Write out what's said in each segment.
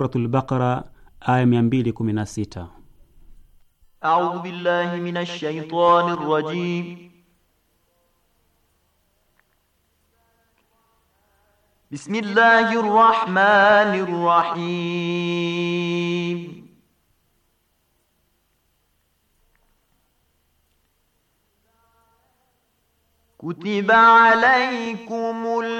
Suratul Baqara aya 216. A'udhu billahi minash shaitani rrajim. Bismillahir rahmanir rahim. Kutiba alaykum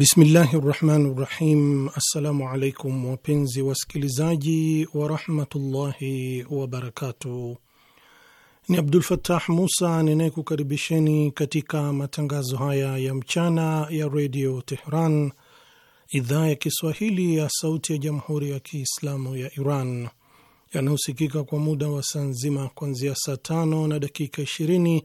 Bismillahi rahmani rahim. Assalamu alaikum wapenzi wasikilizaji warahmatullahi wabarakatuh. Ni Abdul Fattah Musa ninayekukaribisheni katika matangazo haya ya mchana ya redio Tehran, idhaa ya Kiswahili ya sauti ya jamhuri ya Kiislamu ya Iran, yanayosikika kwa muda wa saa nzima kuanzia saa tano na dakika ishirini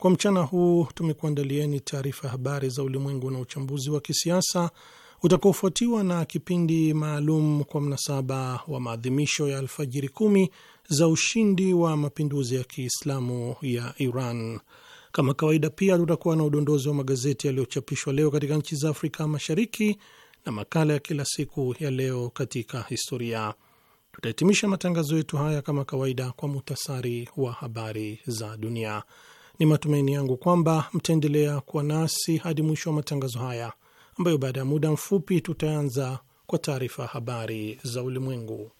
Kwa mchana huu tumekuandalieni taarifa ya habari za ulimwengu na uchambuzi wa kisiasa utakaofuatiwa na kipindi maalum kwa mnasaba wa maadhimisho ya alfajiri kumi za ushindi wa mapinduzi ya Kiislamu ya Iran. Kama kawaida, pia tutakuwa na udondozi wa magazeti yaliyochapishwa leo katika nchi za Afrika Mashariki na makala ya kila siku ya leo katika historia. Tutahitimisha matangazo yetu haya kama kawaida kwa muhtasari wa habari za dunia. Ni matumaini yangu kwamba mtaendelea kuwa nasi hadi mwisho wa matangazo haya ambayo baada ya muda mfupi tutaanza kwa taarifa habari za ulimwengu.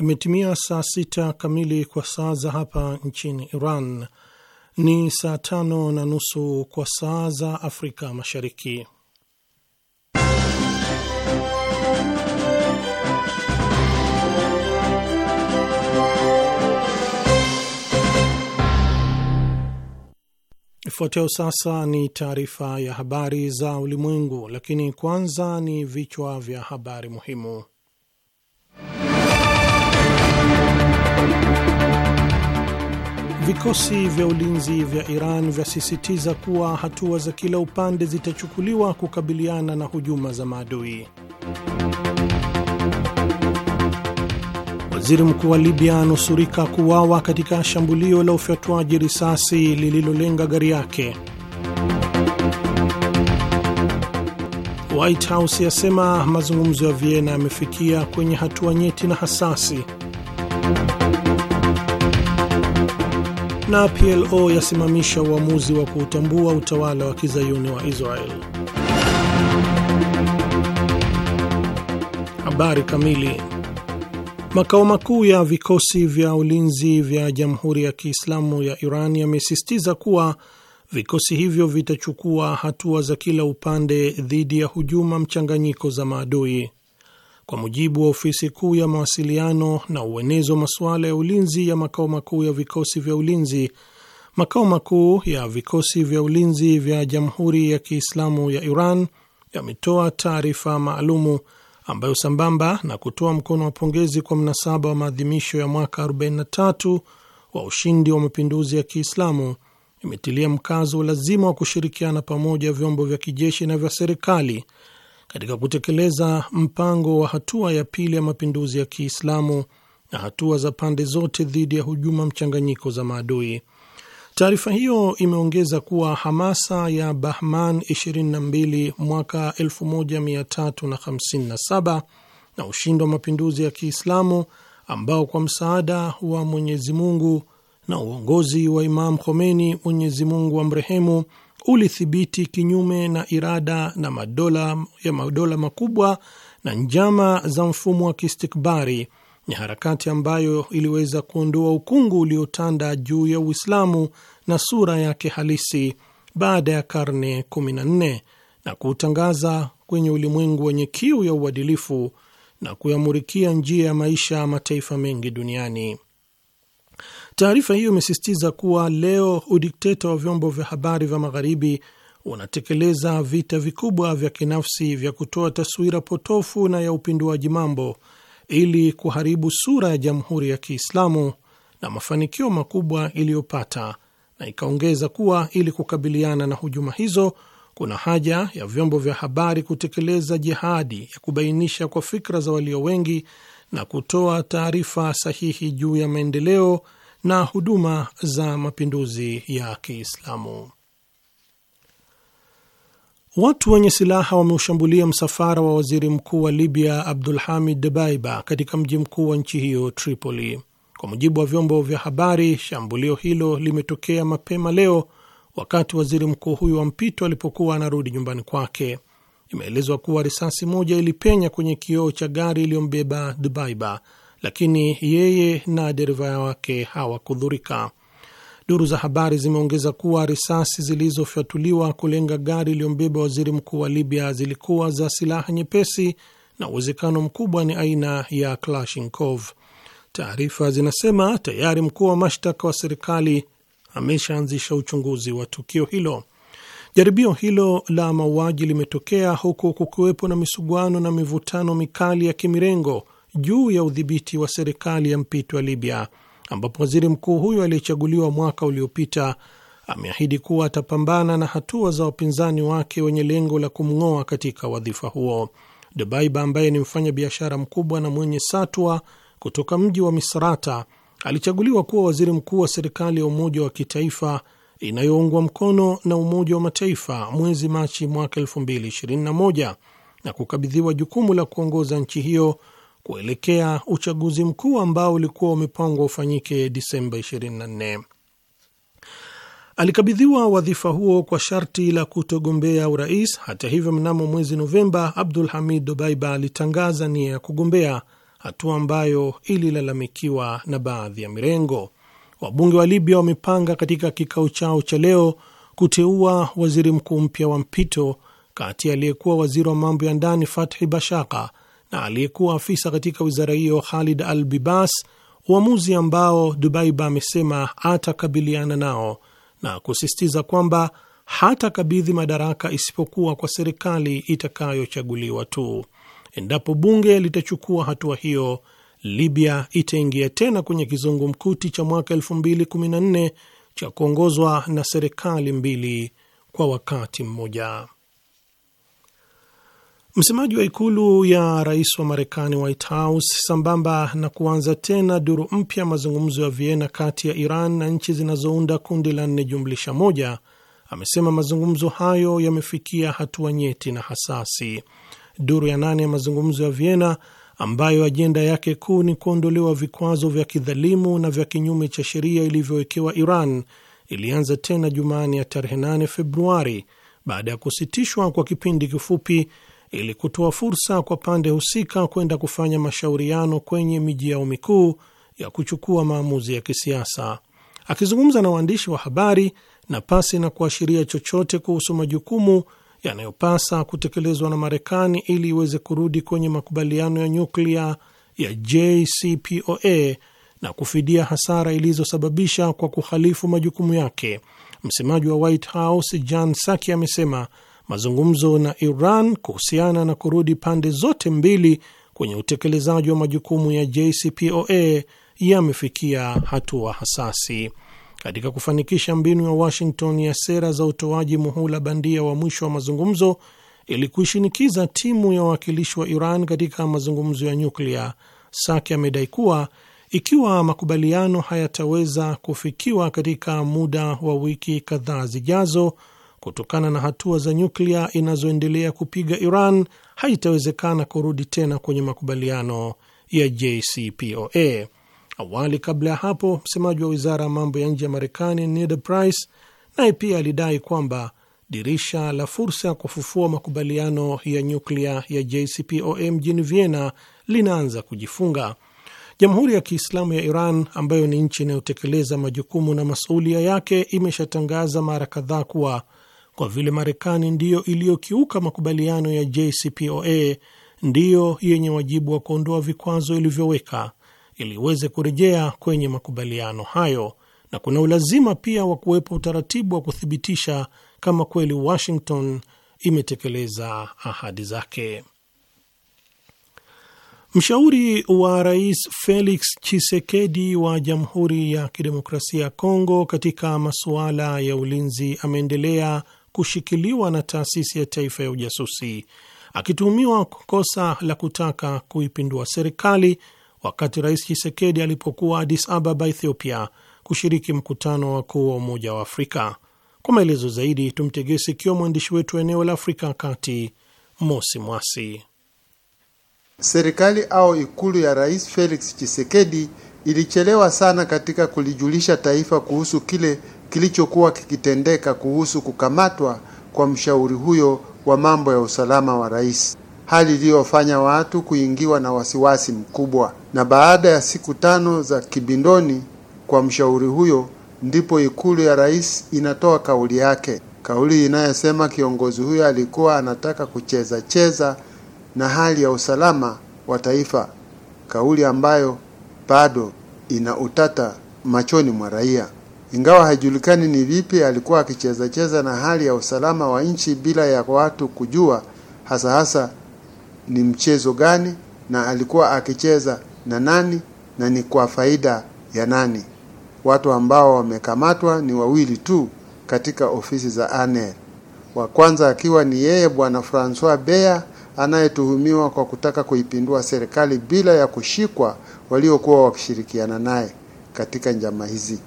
Imetimia saa sita kamili kwa saa za hapa nchini Iran, ni saa tano na nusu kwa saa za Afrika Mashariki. Ifuatayo sasa ni taarifa ya habari za ulimwengu, lakini kwanza ni vichwa vya habari muhimu. Vikosi vya ulinzi vya Iran vyasisitiza kuwa hatua za kila upande zitachukuliwa kukabiliana na hujuma za maadui. Waziri mkuu wa Libya anusurika kuuawa katika shambulio la ufyatuaji risasi lililolenga gari yake. White House yasema mazungumzo ya Vienna yamefikia kwenye hatua nyeti na hasasi. na PLO yasimamisha uamuzi wa kuutambua utawala wa kizayuni wa Israel. Habari kamili. Makao makuu ya vikosi vya ulinzi vya Jamhuri ya Kiislamu ya Iran yamesisitiza kuwa vikosi hivyo vitachukua hatua za kila upande dhidi ya hujuma mchanganyiko za maadui. Kwa mujibu wa ofisi kuu ya mawasiliano na uenezo wa masuala ya ulinzi ya makao makuu ya vikosi vya ulinzi, makao makuu ya vikosi vya ulinzi vya Jamhuri ya Kiislamu ya Iran yametoa taarifa maalumu ambayo sambamba na kutoa mkono wa pongezi kwa mnasaba wa maadhimisho ya mwaka 43 wa ushindi wa mapinduzi ya Kiislamu imetilia mkazo lazima wa kushirikiana pamoja vyombo vya kijeshi na vya serikali katika kutekeleza mpango wa hatua ya pili ya mapinduzi ya Kiislamu na hatua za pande zote dhidi ya hujuma mchanganyiko za maadui. Taarifa hiyo imeongeza kuwa hamasa ya Bahman 22 mwaka 1357 na ushindi wa mapinduzi ya Kiislamu ambao kwa msaada wa Mwenyezi Mungu na uongozi wa Imam Khomeini, Mwenyezi Mungu amrehemu, ulithibiti kinyume na irada na madola ya madola makubwa na njama za mfumo wa kistikbari Ni harakati ambayo iliweza kuondoa ukungu uliotanda juu ya Uislamu na sura yake halisi baada ya karne 14 na kuutangaza kwenye ulimwengu wenye kiu ya uadilifu na kuyamurikia njia ya maisha mataifa mengi duniani. Taarifa hiyo imesisitiza kuwa leo udikteta wa vyombo vya habari vya magharibi unatekeleza vita vikubwa vya kinafsi vya kutoa taswira potofu na ya upinduaji mambo ili kuharibu sura ya Jamhuri ya Kiislamu na mafanikio makubwa iliyopata, na ikaongeza kuwa ili kukabiliana na hujuma hizo kuna haja ya vyombo vya habari kutekeleza jihadi ya kubainisha kwa fikra za walio wengi na kutoa taarifa sahihi juu ya maendeleo na huduma za mapinduzi ya Kiislamu. Watu wenye silaha wameushambulia msafara wa waziri mkuu wa Libya Abdul Hamid Debaiba katika mji mkuu wa nchi hiyo Tripoli. Kwa mujibu wa vyombo vya habari, shambulio hilo limetokea mapema leo wakati waziri mkuu huyo wa mpito alipokuwa anarudi nyumbani kwake. Imeelezwa kuwa risasi moja ilipenya kwenye kioo cha gari iliyombeba dbaiba lakini yeye na dereva wake hawakudhurika. Duru za habari zimeongeza kuwa risasi zilizofyatuliwa kulenga gari iliyombeba waziri mkuu wa Libya zilikuwa za silaha nyepesi na uwezekano mkubwa ni aina ya Kalashnikov. Taarifa zinasema tayari mkuu wa mashtaka wa serikali ameshaanzisha uchunguzi wa tukio hilo. Jaribio hilo la mauaji limetokea huku kukiwepo na misuguano na mivutano mikali ya kimirengo juu ya udhibiti wa serikali ya mpito ya Libya, ambapo waziri mkuu huyo aliyechaguliwa mwaka uliopita ameahidi kuwa atapambana na hatua za wapinzani wake wenye lengo la kumng'oa katika wadhifa huo. Debaiba ambaye ni mfanya biashara mkubwa na mwenye satwa kutoka mji wa Misrata alichaguliwa kuwa waziri mkuu wa serikali ya umoja wa kitaifa inayoungwa mkono na Umoja wa Mataifa mwezi Machi mwaka 2021 na kukabidhiwa jukumu la kuongoza nchi hiyo kuelekea uchaguzi mkuu ambao ulikuwa umepangwa ufanyike Disemba 24. Alikabidhiwa wadhifa huo kwa sharti la kutogombea urais. Hata hivyo, mnamo mwezi Novemba, Abdul Hamid Dobaiba alitangaza nia ya kugombea, hatua ambayo ililalamikiwa na baadhi ya mirengo. Wabunge wa Libya wamepanga katika kikao chao cha leo kuteua waziri mkuu mpya wa mpito kati aliyekuwa waziri wa mambo ya ndani Fathi Bashagha na aliyekuwa afisa katika wizara hiyo Khalid Al Bibas, uamuzi ambao Dubaiba amesema atakabiliana nao na kusisitiza kwamba hatakabidhi madaraka isipokuwa kwa serikali itakayochaguliwa tu. Endapo bunge litachukua hatua hiyo, Libya itaingia tena kwenye kizungumkuti cha mwaka 2014 cha kuongozwa na serikali mbili kwa wakati mmoja. Msemaji wa ikulu ya rais wa Marekani, White House, sambamba na kuanza tena duru mpya mazungumzo ya Vienna kati ya Iran na nchi zinazounda kundi la nne jumlisha moja, amesema mazungumzo hayo yamefikia hatua nyeti na hasasi. Duru ya nane ya mazungumzo ya Vienna ambayo ajenda yake kuu ni kuondolewa vikwazo vya kidhalimu na vya kinyume cha sheria ilivyowekewa Iran ilianza tena Jumani ya tarehe 8 Februari baada ya kusitishwa kwa kipindi kifupi ili kutoa fursa kwa pande husika kwenda kufanya mashauriano kwenye miji yao mikuu ya kuchukua maamuzi ya kisiasa. Akizungumza na waandishi wa habari na pasi na kuashiria chochote kuhusu majukumu yanayopasa kutekelezwa na Marekani ili iweze kurudi kwenye makubaliano ya nyuklia ya JCPOA na kufidia hasara ilizosababisha kwa kuhalifu majukumu yake, msemaji wa White House John Saki amesema mazungumzo na Iran kuhusiana na kurudi pande zote mbili kwenye utekelezaji wa majukumu ya JCPOA yamefikia hatua hasasi katika kufanikisha mbinu ya Washington ya sera za utoaji muhula bandia wa mwisho wa mazungumzo ili kuishinikiza timu ya wawakilishi wa Iran katika mazungumzo ya nyuklia. Saki amedai kuwa ikiwa makubaliano hayataweza kufikiwa katika muda wa wiki kadhaa zijazo kutokana na hatua za nyuklia inazoendelea kupiga Iran, haitawezekana kurudi tena kwenye makubaliano ya JCPOA. Awali kabla ya hapo, msemaji wa wizara ya mambo ya nje ya Marekani Ned Price naye pia alidai kwamba dirisha la fursa ya kufufua makubaliano ya nyuklia ya JCPOA mjini Vienna linaanza kujifunga. Jamhuri ya Kiislamu ya Iran, ambayo ni nchi inayotekeleza majukumu na masuulia yake, imeshatangaza mara kadhaa kuwa kwa vile Marekani ndiyo iliyokiuka makubaliano ya JCPOA, ndiyo yenye wajibu wa kuondoa vikwazo ilivyoweka ili iweze kurejea kwenye makubaliano hayo, na kuna ulazima pia wa kuwepo utaratibu wa kuthibitisha kama kweli Washington imetekeleza ahadi zake. Mshauri wa rais Felix chisekedi wa Jamhuri ya Kidemokrasia ya Kongo katika masuala ya ulinzi ameendelea kushikiliwa na taasisi ya taifa ya ujasusi akituhumiwa kosa la kutaka kuipindua serikali wakati Rais Chisekedi alipokuwa adis Ababa, Ethiopia, kushiriki mkutano wakuu wa Umoja wa Afrika. Kwa maelezo zaidi, tumtegee sikio mwandishi wetu wa eneo la Afrika Kati, Mosi Mwasi. Serikali au ikulu ya Rais Felix Chisekedi ilichelewa sana katika kulijulisha taifa kuhusu kile kilichokuwa kikitendeka kuhusu kukamatwa kwa mshauri huyo wa mambo ya usalama wa rais, hali iliyofanya watu kuingiwa na wasiwasi mkubwa. Na baada ya siku tano za kibindoni kwa mshauri huyo, ndipo ikulu ya rais inatoa kauli yake, kauli inayosema kiongozi huyo alikuwa anataka kucheza cheza na hali ya usalama wa taifa, kauli ambayo bado ina utata machoni mwa raia. Ingawa haijulikani ni vipi alikuwa akicheza cheza na hali ya usalama wa nchi bila ya watu kujua hasa hasa ni mchezo gani na alikuwa akicheza na nani na ni kwa faida ya nani. Watu ambao wamekamatwa ni wawili tu katika ofisi za ANEL, wa kwanza akiwa ni yeye bwana Francois Bea anayetuhumiwa kwa kutaka kuipindua serikali bila ya kushikwa waliokuwa wakishirikiana naye katika njama hizi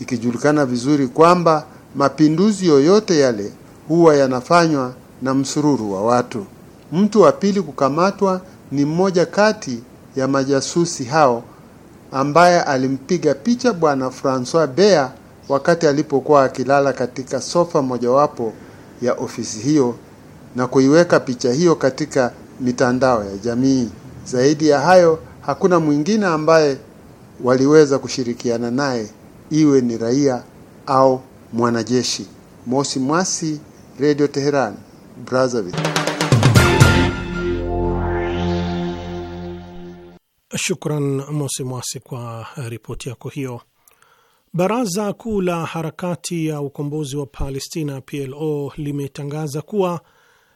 ikijulikana vizuri kwamba mapinduzi yoyote yale huwa yanafanywa na msururu wa watu. Mtu wa pili kukamatwa ni mmoja kati ya majasusi hao ambaye alimpiga picha bwana Francois Bea wakati alipokuwa akilala katika sofa mojawapo ya ofisi hiyo na kuiweka picha hiyo katika mitandao ya jamii. Zaidi ya hayo, hakuna mwingine ambaye waliweza kushirikiana naye iwe ni raia au mwanajeshi. Mosi Mwasi, Radio Teheran, Brazzaville. Shukran Mosi Mwasi kwa eh, ripoti yako hiyo. Baraza Kuu la Harakati ya Ukombozi wa Palestina PLO limetangaza kuwa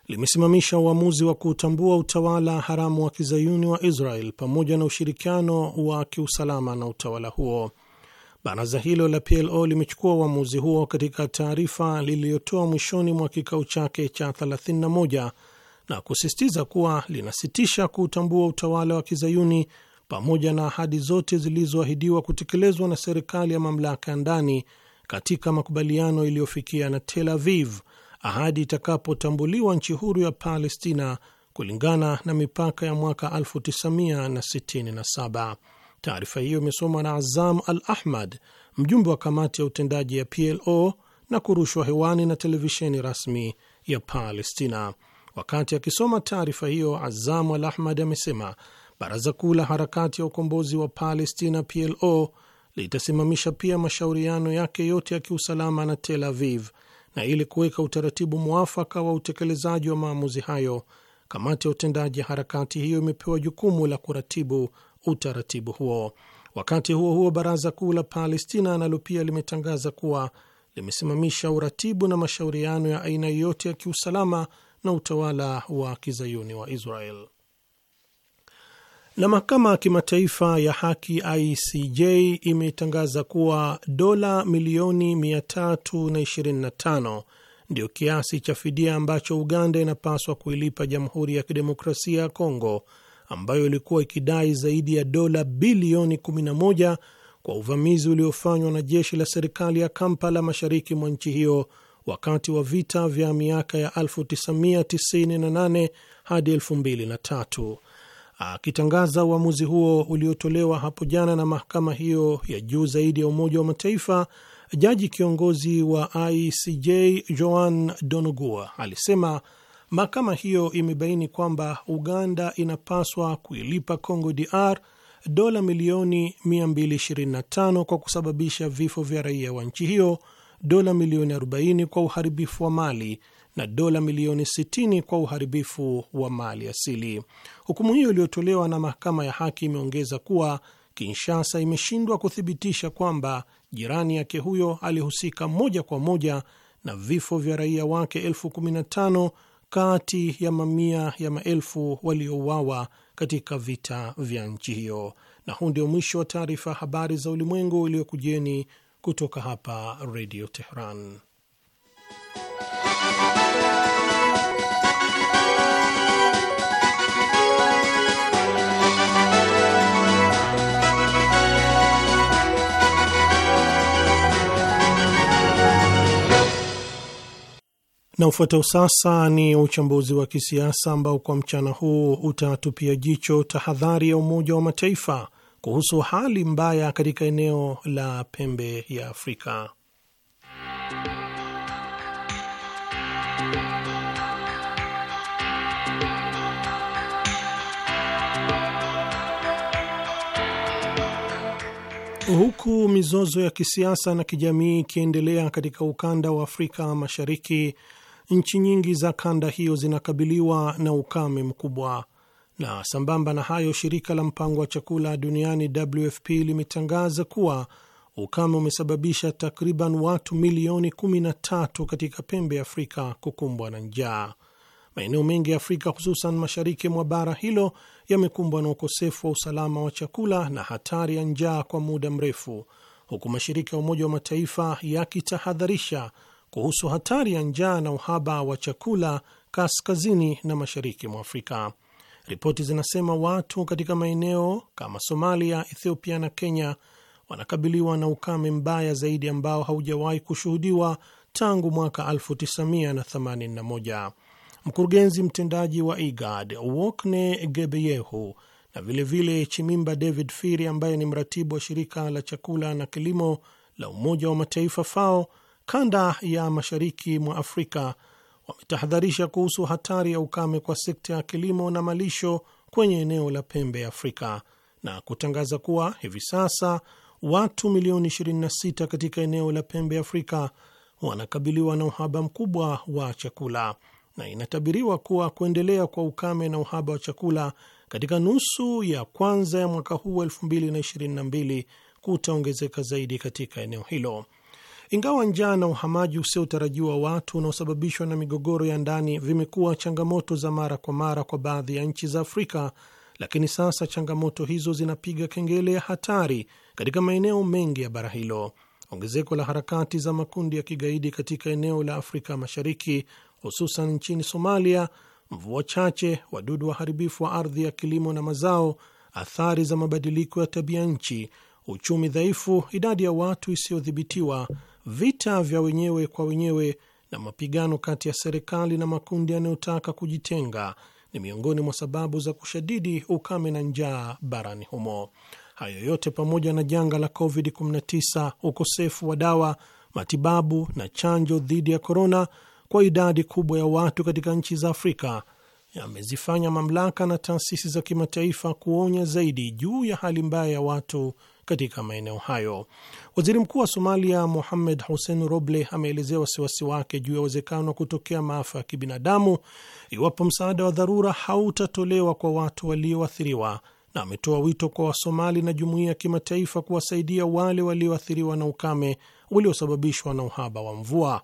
limesimamisha uamuzi wa kutambua utawala haramu wa kizayuni wa Israel pamoja na ushirikiano wa kiusalama na utawala huo. Baraza hilo la PLO limechukua uamuzi huo katika taarifa liliyotoa mwishoni mwa kikao chake cha 31 na kusisitiza kuwa linasitisha kuutambua utawala wa kizayuni pamoja na ahadi zote zilizoahidiwa kutekelezwa na serikali ya mamlaka ya ndani katika makubaliano iliyofikia na Tel Aviv ahadi itakapotambuliwa nchi huru ya Palestina kulingana na mipaka ya mwaka 1967. Taarifa hiyo imesomwa na Azam Al Ahmad, mjumbe wa kamati ya utendaji ya PLO na kurushwa hewani na televisheni rasmi ya Palestina. Wakati akisoma taarifa hiyo, Azam Al Ahmad amesema baraza kuu la harakati ya ukombozi wa Palestina PLO litasimamisha pia mashauriano yake yote ya kiusalama na Tel Aviv, na ili kuweka utaratibu mwafaka wa utekelezaji wa maamuzi hayo, kamati ya utendaji ya harakati hiyo imepewa jukumu la kuratibu utaratibu huo. Wakati huo huo, baraza kuu la Palestina nalo pia limetangaza kuwa limesimamisha uratibu na mashauriano ya aina yoyote ya kiusalama na utawala wa kizayuni wa Israel. Na mahakama ya kimataifa ya haki ICJ imetangaza kuwa dola milioni 325 ndio kiasi cha fidia ambacho Uganda inapaswa kuilipa Jamhuri ya Kidemokrasia ya Kongo ambayo ilikuwa ikidai zaidi ya dola bilioni 11 kwa uvamizi uliofanywa na jeshi la serikali ya Kampala mashariki mwa nchi hiyo wakati wa vita vya miaka ya 1998 hadi 2003. Akitangaza uamuzi huo uliotolewa hapo jana na mahakama hiyo ya juu zaidi ya Umoja wa Mataifa, jaji kiongozi wa ICJ Joan Donogua alisema Mahakama hiyo imebaini kwamba Uganda inapaswa kuilipa Congo DR dola milioni 225 kwa kusababisha vifo vya raia wa nchi hiyo, dola milioni 40 kwa uharibifu wa mali na dola milioni 60 kwa uharibifu wa mali asili. Hukumu hiyo iliyotolewa na mahakama ya haki imeongeza kuwa Kinshasa imeshindwa kuthibitisha kwamba jirani yake huyo alihusika moja kwa moja na vifo vya raia wake elfu kumi na tano kati ya mamia ya maelfu waliouawa katika vita vya nchi hiyo. Na huu ndio mwisho wa taarifa habari za ulimwengu iliyokujeni kutoka hapa Redio Tehran. Na ufuatao sasa ni uchambuzi wa kisiasa ambao kwa mchana huu utatupia jicho tahadhari ya Umoja wa Mataifa kuhusu hali mbaya katika eneo la pembe ya Afrika. Huku mizozo ya kisiasa na kijamii ikiendelea katika ukanda wa Afrika Mashariki, nchi nyingi za kanda hiyo zinakabiliwa na ukame mkubwa. Na sambamba na hayo, shirika la mpango wa chakula duniani WFP limetangaza kuwa ukame umesababisha takriban watu milioni 13 katika pembe ya Afrika kukumbwa na njaa. Maeneo mengi ya Afrika hususan mashariki mwa bara hilo yamekumbwa na ukosefu wa usalama wa chakula na hatari ya njaa kwa muda mrefu, huku mashirika ya Umoja wa Mataifa yakitahadharisha kuhusu hatari ya njaa na uhaba wa chakula kaskazini na mashariki mwa Afrika. Ripoti zinasema watu katika maeneo kama Somalia, Ethiopia na Kenya wanakabiliwa na ukame mbaya zaidi ambao haujawahi kushuhudiwa tangu mwaka 1981. Mkurugenzi mtendaji wa IGAD Wokne Gebeyehu na vilevile vile Chimimba David Firi ambaye ni mratibu wa shirika la chakula na kilimo la Umoja wa Mataifa FAO kanda ya mashariki mwa Afrika wametahadharisha kuhusu hatari ya ukame kwa sekta ya kilimo na malisho kwenye eneo la pembe ya Afrika na kutangaza kuwa hivi sasa watu milioni 26 katika eneo la pembe ya Afrika wanakabiliwa na uhaba mkubwa wa chakula na inatabiriwa kuwa kuendelea kwa ukame na uhaba wa chakula katika nusu ya kwanza ya mwaka huu 2022 kutaongezeka zaidi katika eneo hilo. Ingawa njaa na uhamaji usiotarajiwa watu unaosababishwa na migogoro ya ndani vimekuwa changamoto za mara kwa mara kwa baadhi ya nchi za Afrika, lakini sasa changamoto hizo zinapiga kengele ya hatari katika maeneo mengi ya bara hilo. Ongezeko la harakati za makundi ya kigaidi katika eneo la Afrika Mashariki, hususan nchini Somalia, mvua chache, wadudu waharibifu wa ardhi ya kilimo na mazao, athari za mabadiliko ya tabia nchi, uchumi dhaifu, idadi ya watu isiyodhibitiwa vita vya wenyewe kwa wenyewe na mapigano kati ya serikali na makundi yanayotaka kujitenga ni miongoni mwa sababu za kushadidi ukame na njaa barani humo. Hayo yote pamoja na janga la COVID-19, ukosefu wa dawa, matibabu na chanjo dhidi ya korona kwa idadi kubwa ya watu katika nchi za Afrika yamezifanya mamlaka na taasisi za kimataifa kuonya zaidi juu ya hali mbaya ya watu katika maeneo hayo. Waziri mkuu wa Somalia Muhamed Hussein Roble ameelezea wasiwasi wake juu ya uwezekano wa kutokea maafa ya kibinadamu iwapo msaada wa dharura hautatolewa kwa watu walioathiriwa, na ametoa wito kwa Wasomali na jumuiya ya kimataifa kuwasaidia wale walioathiriwa na ukame uliosababishwa na uhaba wa mvua.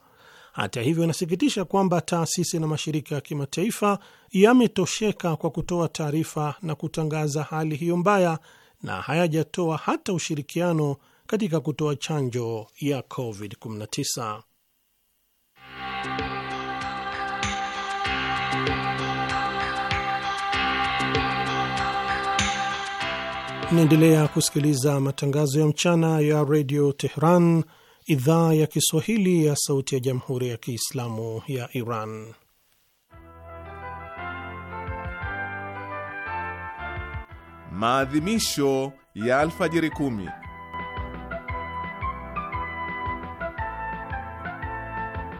Hata hivyo, inasikitisha kwamba taasisi na mashirika ya kimataifa yametosheka kwa kutoa taarifa na kutangaza hali hiyo mbaya na hayajatoa hata ushirikiano katika kutoa chanjo ya COVID-19. Naendelea kusikiliza matangazo ya mchana ya redio Tehran, idhaa ya Kiswahili ya sauti ya jamhuri ya Kiislamu ya Iran. maadhimisho ya alfajiri kumi.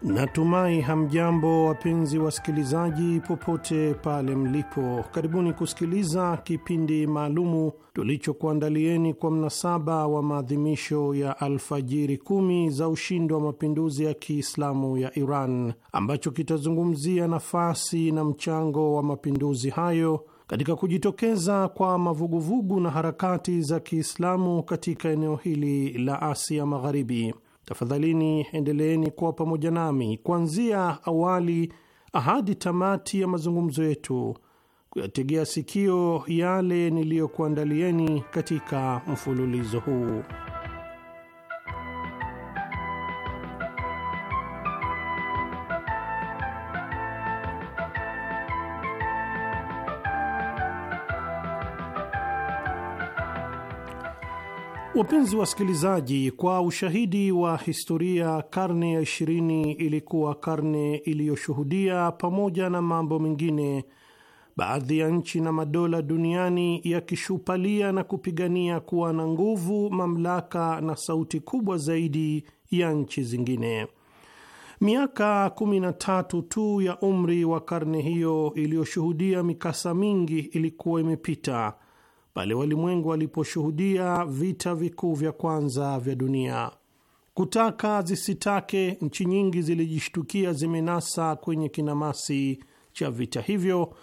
Natumai hamjambo wapenzi wasikilizaji, popote pale mlipo, karibuni kusikiliza kipindi maalumu tulichokuandalieni kwa mnasaba wa maadhimisho ya alfajiri kumi za ushindi wa mapinduzi ya Kiislamu ya Iran ambacho kitazungumzia nafasi na mchango wa mapinduzi hayo katika kujitokeza kwa mavuguvugu na harakati za Kiislamu katika eneo hili la Asia Magharibi, tafadhalini endeleeni kuwa pamoja nami kuanzia awali hadi tamati ya mazungumzo yetu kuyategea sikio yale niliyokuandalieni katika mfululizo huu. Wapenzi wasikilizaji, kwa ushahidi wa historia, karne ya ishirini ilikuwa karne iliyoshuhudia pamoja na mambo mengine, baadhi ya nchi na madola duniani yakishupalia na kupigania kuwa na nguvu, mamlaka na sauti kubwa zaidi ya nchi zingine. Miaka kumi na tatu tu ya umri wa karne hiyo iliyoshuhudia mikasa mingi ilikuwa imepita pale walimwengu waliposhuhudia vita vikuu vya kwanza vya dunia. Kutaka zisitake, nchi nyingi zilijishtukia zimenasa kwenye kinamasi cha vita hivyo,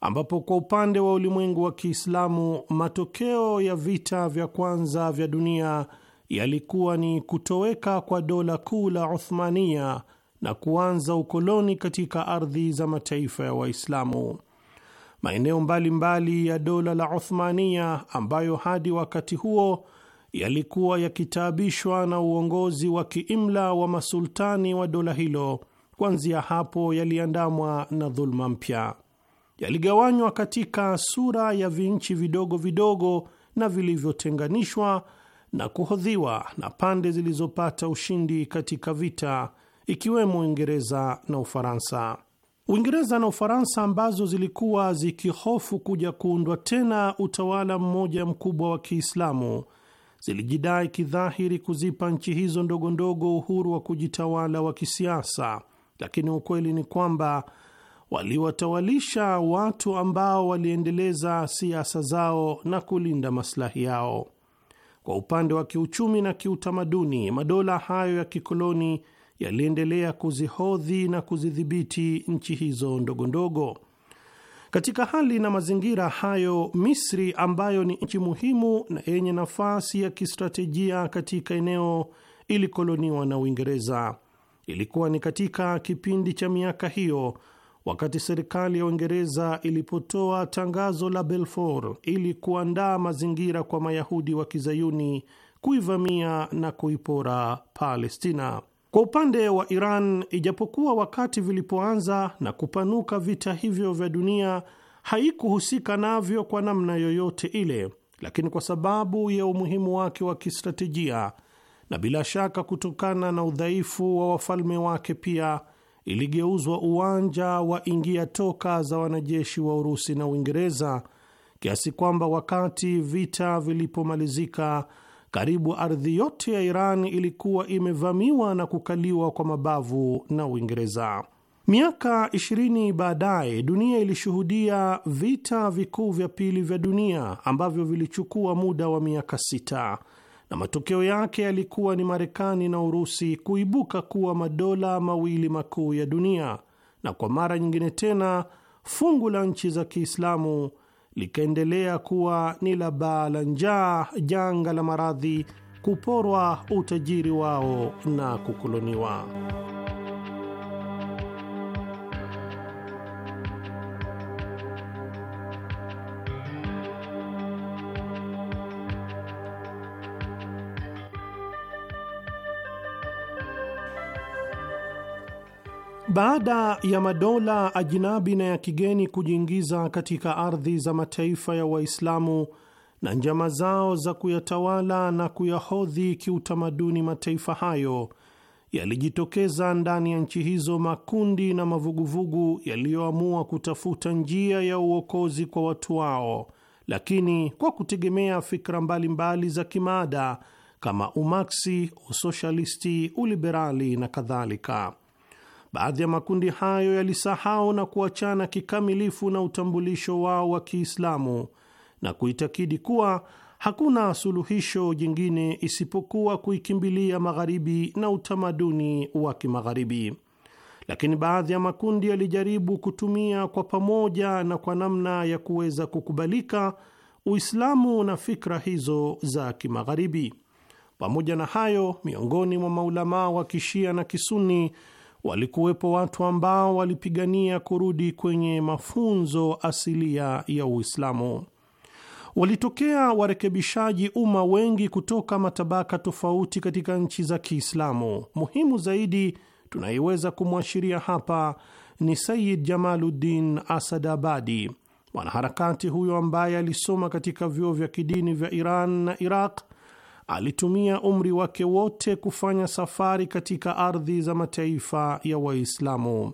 ambapo kwa upande wa ulimwengu wa Kiislamu matokeo ya vita vya kwanza vya dunia yalikuwa ni kutoweka kwa dola kuu la Uthmania na kuanza ukoloni katika ardhi za mataifa ya Waislamu maeneo mbalimbali ya dola la Othmania ambayo hadi wakati huo yalikuwa yakitaabishwa na uongozi wa kiimla wa masultani wa dola hilo. Kuanzia hapo yaliandamwa na dhuluma mpya, yaligawanywa katika sura ya vinchi vidogo vidogo na vilivyotenganishwa na kuhodhiwa na pande zilizopata ushindi katika vita, ikiwemo Uingereza na Ufaransa. Uingereza na Ufaransa ambazo zilikuwa zikihofu kuja kuundwa tena utawala mmoja mkubwa wa Kiislamu zilijidai kidhahiri kuzipa nchi hizo ndogo ndogo uhuru wa kujitawala wa kisiasa, lakini ukweli ni kwamba waliwatawalisha watu ambao waliendeleza siasa zao na kulinda maslahi yao. Kwa upande wa kiuchumi na kiutamaduni, madola hayo ya kikoloni yaliendelea kuzihodhi na kuzidhibiti nchi hizo ndogo ndogo. Katika hali na mazingira hayo, Misri ambayo ni nchi muhimu na yenye nafasi ya kistratejia katika eneo ilikoloniwa na Uingereza. Ilikuwa ni katika kipindi cha miaka hiyo wakati serikali ya Uingereza ilipotoa tangazo la Balfour ili kuandaa mazingira kwa Mayahudi wa Kizayuni kuivamia na kuipora Palestina. Kwa upande wa Iran, ijapokuwa wakati vilipoanza na kupanuka vita hivyo vya dunia haikuhusika navyo kwa namna yoyote ile, lakini kwa sababu ya umuhimu wake wa kistratejia na bila shaka kutokana na udhaifu wa wafalme wake, pia iligeuzwa uwanja wa ingia toka za wanajeshi wa Urusi na Uingereza, kiasi kwamba wakati vita vilipomalizika karibu ardhi yote ya Iran ilikuwa imevamiwa na kukaliwa kwa mabavu na Uingereza. Miaka 20 baadaye dunia ilishuhudia vita vikuu vya pili vya dunia ambavyo vilichukua muda wa miaka sita, na matokeo yake yalikuwa ni Marekani na Urusi kuibuka kuwa madola mawili makuu ya dunia, na kwa mara nyingine tena fungu la nchi za Kiislamu likaendelea kuwa ni la baa la njaa, janga la maradhi, kuporwa utajiri wao na kukoloniwa. Baada ya madola ajinabi na ya kigeni kujiingiza katika ardhi za mataifa ya Waislamu na njama zao za kuyatawala na kuyahodhi kiutamaduni mataifa hayo, yalijitokeza ndani ya nchi hizo makundi na mavuguvugu yaliyoamua kutafuta njia ya uokozi kwa watu wao, lakini kwa kutegemea fikra mbalimbali mbali za kimaada kama umaksi, usoshalisti, uliberali na kadhalika baadhi ya makundi hayo yalisahau na kuachana kikamilifu na utambulisho wao wa Kiislamu na kuitakidi kuwa hakuna suluhisho jingine isipokuwa kuikimbilia magharibi na utamaduni wa kimagharibi. Lakini baadhi ya makundi yalijaribu kutumia kwa pamoja na kwa namna ya kuweza kukubalika Uislamu na fikra hizo za kimagharibi. Pamoja na hayo, miongoni mwa maulamaa wa kishia na kisuni walikuwepo watu ambao walipigania kurudi kwenye mafunzo asilia ya Uislamu. Walitokea warekebishaji umma wengi kutoka matabaka tofauti katika nchi za Kiislamu. Muhimu zaidi tunayeweza kumwashiria hapa ni Sayid Jamaluddin Asadabadi, mwanaharakati huyo ambaye alisoma katika vyuo vya kidini vya Iran na Iraq alitumia umri wake wote kufanya safari katika ardhi za mataifa ya Waislamu.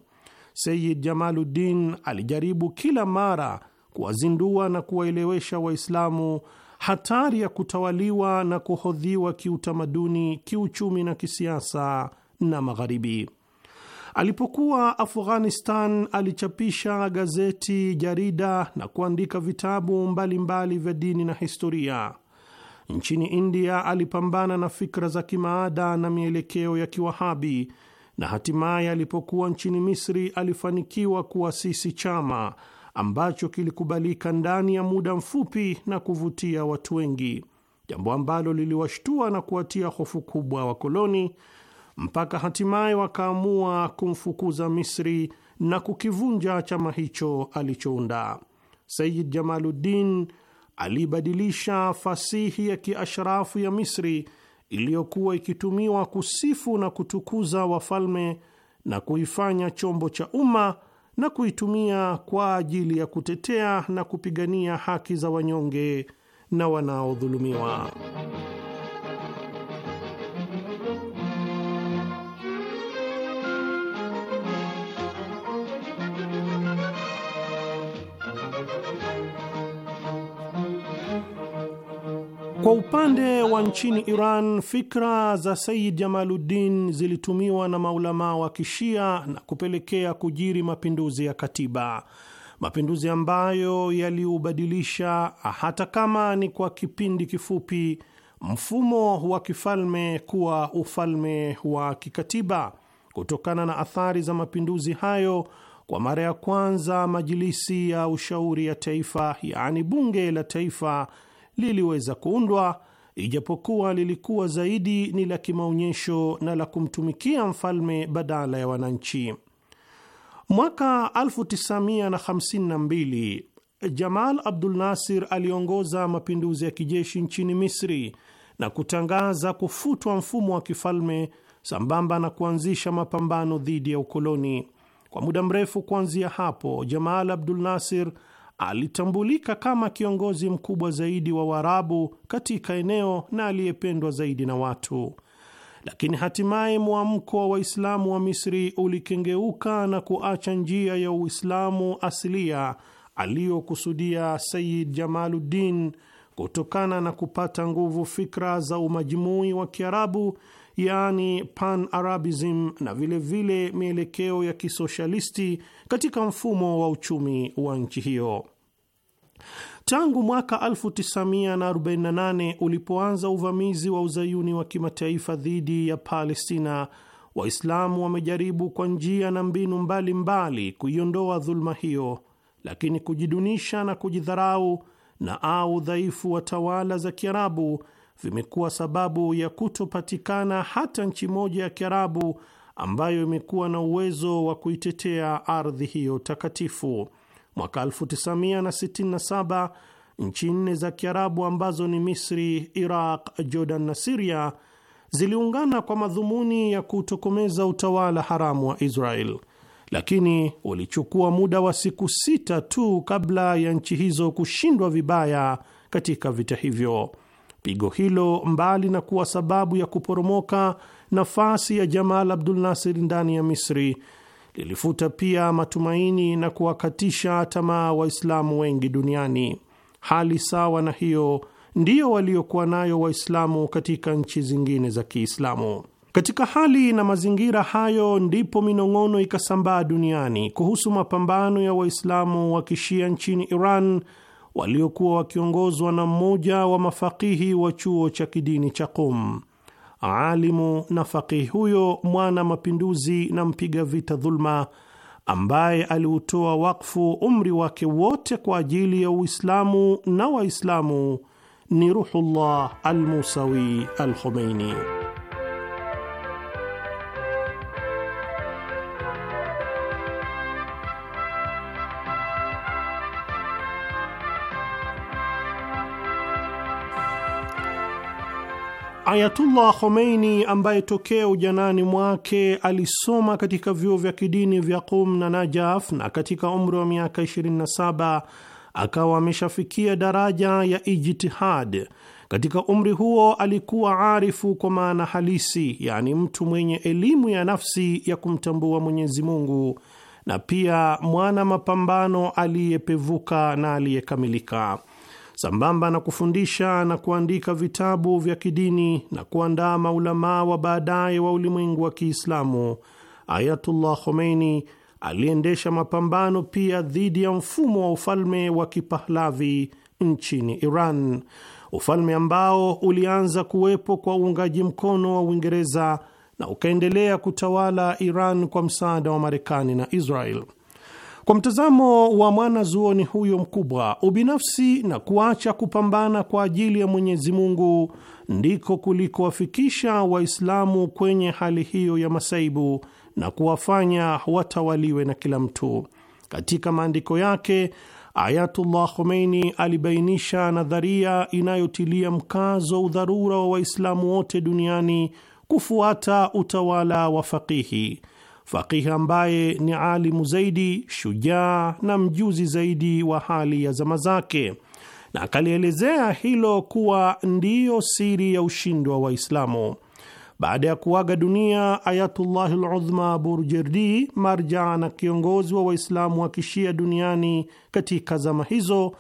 Sayyid Jamaluddin alijaribu kila mara kuwazindua na kuwaelewesha Waislamu hatari ya kutawaliwa na kuhodhiwa kiutamaduni, kiuchumi na kisiasa na Magharibi. Alipokuwa Afghanistan alichapisha gazeti, jarida na kuandika vitabu mbalimbali vya dini na historia nchini India alipambana na fikra za kimaada na mielekeo ya Kiwahabi, na hatimaye alipokuwa nchini Misri alifanikiwa kuasisi chama ambacho kilikubalika ndani ya muda mfupi na kuvutia watu wengi, jambo ambalo liliwashtua na kuwatia hofu kubwa wakoloni, mpaka hatimaye wakaamua kumfukuza Misri na kukivunja chama hicho alichounda Sayyid Jamaluddin alibadilisha fasihi ya kiashrafu ya Misri iliyokuwa ikitumiwa kusifu na kutukuza wafalme na kuifanya chombo cha umma na kuitumia kwa ajili ya kutetea na kupigania haki za wanyonge na wanaodhulumiwa. Kwa upande wa nchini Iran, fikra za Sayyid Jamaluddin zilitumiwa na maulamaa wa Kishia na kupelekea kujiri mapinduzi ya katiba, mapinduzi ambayo yaliubadilisha, hata kama ni kwa kipindi kifupi, mfumo wa kifalme kuwa ufalme wa kikatiba. Kutokana na athari za mapinduzi hayo, kwa mara ya kwanza majilisi ya ushauri ya taifa, yaani bunge la taifa liliweza kuundwa, ijapokuwa lilikuwa zaidi ni la kimaonyesho na la kumtumikia mfalme badala ya wananchi. Mwaka 1952 Jamal Abdul Nasir aliongoza mapinduzi ya kijeshi nchini Misri na kutangaza kufutwa mfumo wa kifalme sambamba na kuanzisha mapambano dhidi ya ukoloni. Kwa muda mrefu kuanzia hapo, Jamal Abdul Nasir alitambulika kama kiongozi mkubwa zaidi wa Waarabu katika eneo na aliyependwa zaidi na watu, lakini hatimaye mwamko wa Waislamu wa Misri ulikengeuka na kuacha njia ya Uislamu asilia aliyokusudia Sayyid Jamaluddin kutokana na kupata nguvu fikra za umajimui wa Kiarabu yaani pan-Arabism na vilevile mielekeo ya kisoshalisti katika mfumo wa uchumi wa nchi hiyo. Tangu mwaka 1948 ulipoanza uvamizi wa uzayuni wa kimataifa dhidi ya Palestina, Waislamu wamejaribu kwa njia na mbinu mbalimbali kuiondoa dhuluma hiyo, lakini kujidunisha na kujidharau na au udhaifu wa tawala za Kiarabu vimekuwa sababu ya kutopatikana hata nchi moja ya Kiarabu ambayo imekuwa na uwezo wa kuitetea ardhi hiyo takatifu. Mwaka 1967 nchi nne za Kiarabu ambazo ni Misri, Iraq, Jordan na Siria ziliungana kwa madhumuni ya kutokomeza utawala haramu wa Israel, lakini ulichukua muda wa siku sita tu kabla ya nchi hizo kushindwa vibaya katika vita hivyo. Pigo hilo mbali na kuwa sababu ya kuporomoka nafasi ya Jamal Abdul Nasir ndani ya Misri, lilifuta pia matumaini na kuwakatisha tamaa Waislamu wengi duniani. Hali sawa na hiyo ndiyo waliokuwa nayo Waislamu katika nchi zingine za Kiislamu. Katika hali na mazingira hayo ndipo minong'ono ikasambaa duniani kuhusu mapambano ya Waislamu wa Kishia nchini Iran waliokuwa wakiongozwa na mmoja wa mafakihi wa chuo cha kidini cha Qum. Alimu na fakihi huyo mwana mapinduzi na mpiga vita dhulma, ambaye aliutoa wakfu umri wake wote kwa ajili ya Uislamu na Waislamu, ni Ruhullah Almusawi Alkhomeini. Ayatullah Khomeini ambaye tokea ujanani mwake alisoma katika vyuo vya kidini vya Qum na Najaf na katika umri wa miaka 27 akawa ameshafikia daraja ya ijtihad. Katika umri huo alikuwa arifu kwa maana halisi, yaani mtu mwenye elimu ya nafsi ya kumtambua Mwenyezi Mungu na pia mwana mapambano aliyepevuka na aliyekamilika sambamba na kufundisha na kuandika vitabu vya kidini na kuandaa maulamaa wa baadaye wa ulimwengu wa Kiislamu, Ayatullah Khomeini aliendesha mapambano pia dhidi ya mfumo wa ufalme wa Kipahlavi nchini Iran, ufalme ambao ulianza kuwepo kwa uungaji mkono wa Uingereza na ukaendelea kutawala Iran kwa msaada wa Marekani na Israel. Kwa mtazamo wa mwanazuoni huyo mkubwa, ubinafsi na kuacha kupambana kwa ajili ya Mwenyezi Mungu ndiko kulikowafikisha Waislamu kwenye hali hiyo ya masaibu na kuwafanya watawaliwe na kila mtu. Katika maandiko yake Ayatullah Khomeini alibainisha nadharia inayotilia mkazo udharura wa Waislamu wote duniani kufuata utawala wa fakihi faqihi ambaye ni alimu zaidi, shujaa na mjuzi zaidi wa hali ya zama zake, na akalielezea hilo kuwa ndiyo siri ya ushindi wa Waislamu. Baada ya kuaga dunia Ayatullahi Ludhma Burjerdi, marja na kiongozi wa Waislamu wa kishia duniani katika zama hizo,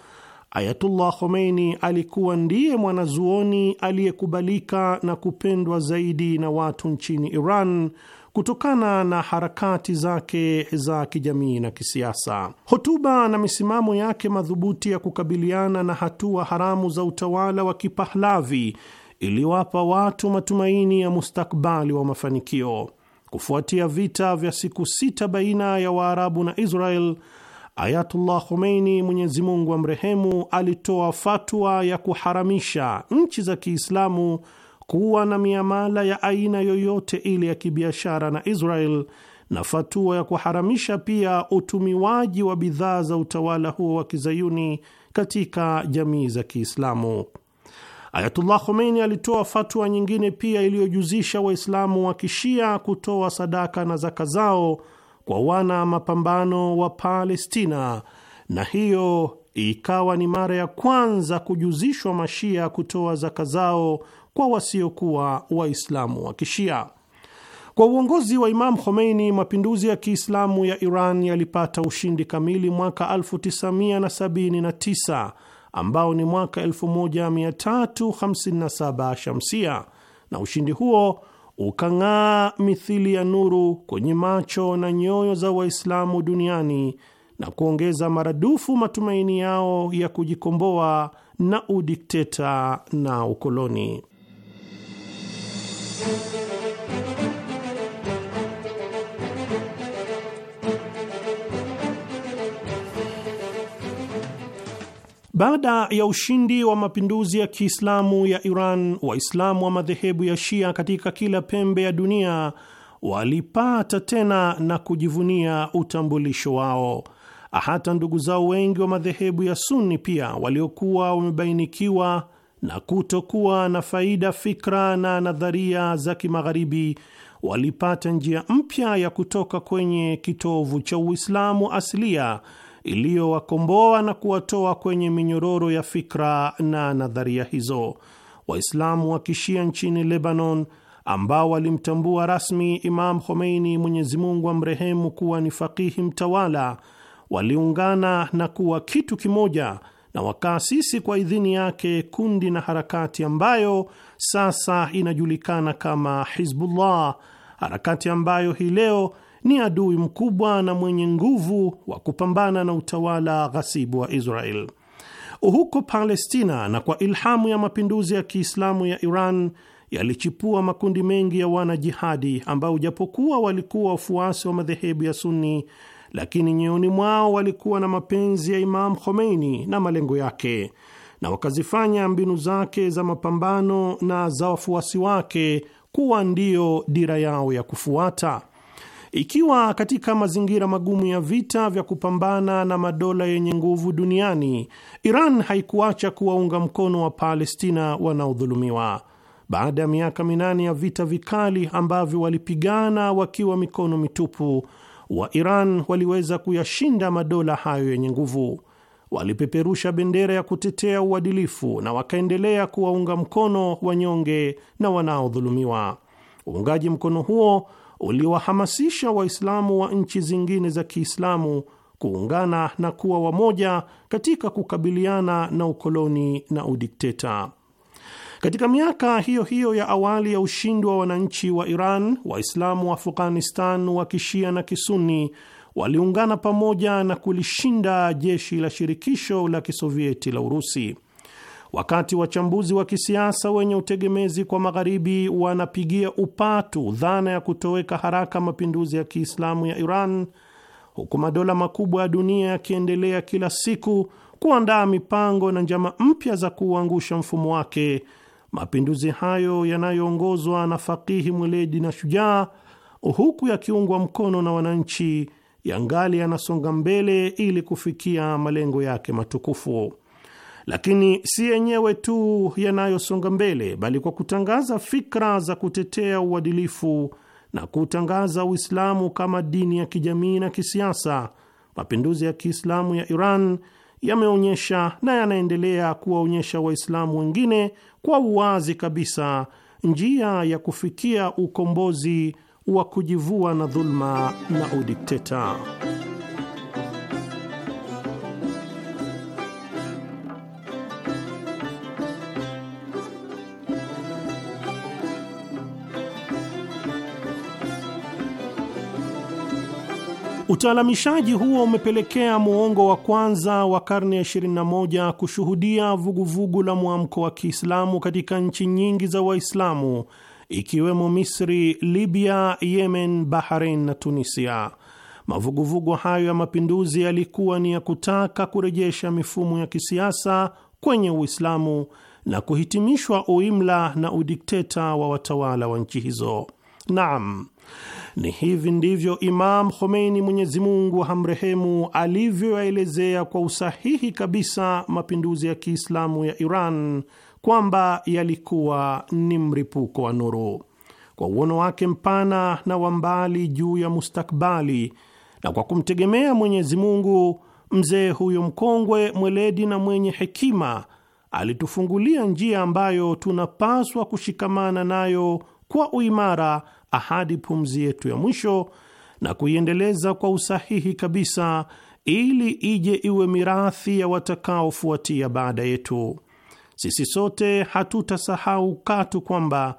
Ayatullah Khomeini alikuwa ndiye mwanazuoni aliyekubalika na kupendwa zaidi na watu nchini Iran kutokana na harakati zake za kijamii na kisiasa. Hotuba na misimamo yake madhubuti ya kukabiliana na hatua haramu za utawala wa Kipahlavi iliwapa watu matumaini ya mustakbali wa mafanikio. Kufuatia vita vya siku sita baina ya Waarabu na Israel, Ayatullah Khomeini, Mwenyezi Mungu amrehemu, alitoa fatwa ya kuharamisha nchi za Kiislamu kuwa na miamala ya aina yoyote ile ya kibiashara na Israel na fatua ya kuharamisha pia utumiwaji wa bidhaa za utawala huo wa kizayuni katika jamii za Kiislamu. Ayatullah Khomeini alitoa fatwa nyingine pia iliyojuzisha Waislamu wa kishia kutoa sadaka na zaka zao kwa wana mapambano wa Palestina, na hiyo ikawa ni mara ya kwanza kujuzishwa mashia kutoa zaka zao kwa wasiokuwa Waislamu wa Kishia. Kwa uongozi wa Imam Khomeini, mapinduzi ya Kiislamu ya Iran yalipata ushindi kamili mwaka 1979 ambao ni mwaka 1357 Shamsia, na ushindi huo ukang'aa mithili ya nuru kwenye macho na nyoyo za Waislamu duniani na kuongeza maradufu matumaini yao ya kujikomboa na udikteta na ukoloni. Baada ya ushindi wa mapinduzi ya Kiislamu ya Iran, Waislamu wa madhehebu ya Shia katika kila pembe ya dunia walipata tena na kujivunia utambulisho wao. Hata ndugu zao wengi wa madhehebu ya Sunni pia waliokuwa wamebainikiwa na kutokuwa na faida fikra na nadharia za kimagharibi walipata njia mpya ya kutoka kwenye kitovu cha Uislamu asilia iliyowakomboa na kuwatoa kwenye minyororo ya fikra na nadharia hizo. Waislamu wa kishia nchini Lebanon ambao walimtambua rasmi Imam Khomeini, Mwenyezi Mungu amrehemu, kuwa ni fakihi mtawala, waliungana na kuwa kitu kimoja na wakaasisi kwa idhini yake kundi na harakati ambayo sasa inajulikana kama Hizbullah, harakati ambayo hii leo ni adui mkubwa na mwenye nguvu wa kupambana na utawala ghasibu wa Israel huko Palestina. Na kwa ilhamu ya mapinduzi ya Kiislamu ya Iran yalichipua makundi mengi ya wanajihadi ambao japokuwa walikuwa wafuasi wa madhehebu ya Sunni lakini nyoyoni mwao walikuwa na mapenzi ya Imam Khomeini na malengo yake, na wakazifanya mbinu zake za mapambano na za wafuasi wake kuwa ndiyo dira yao ya kufuata. Ikiwa katika mazingira magumu ya vita vya kupambana na madola yenye nguvu duniani, Iran haikuacha kuwaunga mkono wa Palestina wanaodhulumiwa. Baada ya miaka minane ya vita vikali ambavyo walipigana wakiwa mikono mitupu wa Iran waliweza kuyashinda madola hayo yenye nguvu. Walipeperusha bendera ya kutetea uadilifu na wakaendelea kuwaunga mkono wanyonge na wanaodhulumiwa. Uungaji mkono huo uliwahamasisha Waislamu wa nchi zingine za Kiislamu kuungana na kuwa wamoja katika kukabiliana na ukoloni na udikteta. Katika miaka hiyo hiyo ya awali ya ushindi wa wananchi wa Iran, Waislamu wa Afghanistan wa Kishia na Kisuni waliungana pamoja na kulishinda jeshi la shirikisho la Kisovieti la Urusi. Wakati wachambuzi wa kisiasa wenye utegemezi kwa magharibi wanapigia upatu dhana ya kutoweka haraka mapinduzi ya Kiislamu ya Iran, huku madola makubwa ya dunia yakiendelea kila siku kuandaa mipango na njama mpya za kuuangusha mfumo wake, Mapinduzi hayo yanayoongozwa na fakihi mweledi na shujaa, huku yakiungwa mkono na wananchi, yangali yanasonga mbele ili kufikia malengo yake matukufu. Lakini si yenyewe tu yanayosonga mbele, bali kwa kutangaza fikra za kutetea uadilifu na kutangaza Uislamu kama dini ya kijamii na kisiasa, mapinduzi ya Kiislamu ya Iran yameonyesha na yanaendelea kuwaonyesha Waislamu wengine kwa uwazi kabisa njia ya kufikia ukombozi wa kujivua na dhuluma na udikteta. Utaalamishaji huo umepelekea muongo wa kwanza wa karne ya 21 kushuhudia vuguvugu vugu la mwamko wa Kiislamu katika nchi nyingi za Waislamu ikiwemo Misri, Libya, Yemen, Bahrain na Tunisia. Mavuguvugu hayo ya mapinduzi yalikuwa ni ya kutaka kurejesha mifumo ya kisiasa kwenye Uislamu na kuhitimishwa uimla na udikteta wa watawala wa nchi hizo. Naam, ni hivi ndivyo Imam Khomeini, Mwenyezi Mungu hamrehemu, alivyoyaelezea kwa usahihi kabisa mapinduzi ya Kiislamu ya Iran kwamba yalikuwa ni mripuko wa nuru kwa uono wake mpana na wa mbali juu ya mustakbali, na kwa kumtegemea Mwenyezi Mungu, mzee huyo mkongwe, mweledi na mwenye hekima alitufungulia njia ambayo tunapaswa kushikamana nayo kwa uimara ahadi pumzi yetu ya mwisho na kuiendeleza kwa usahihi kabisa ili ije iwe mirathi ya watakaofuatia baada yetu. Sisi sote hatutasahau katu kwamba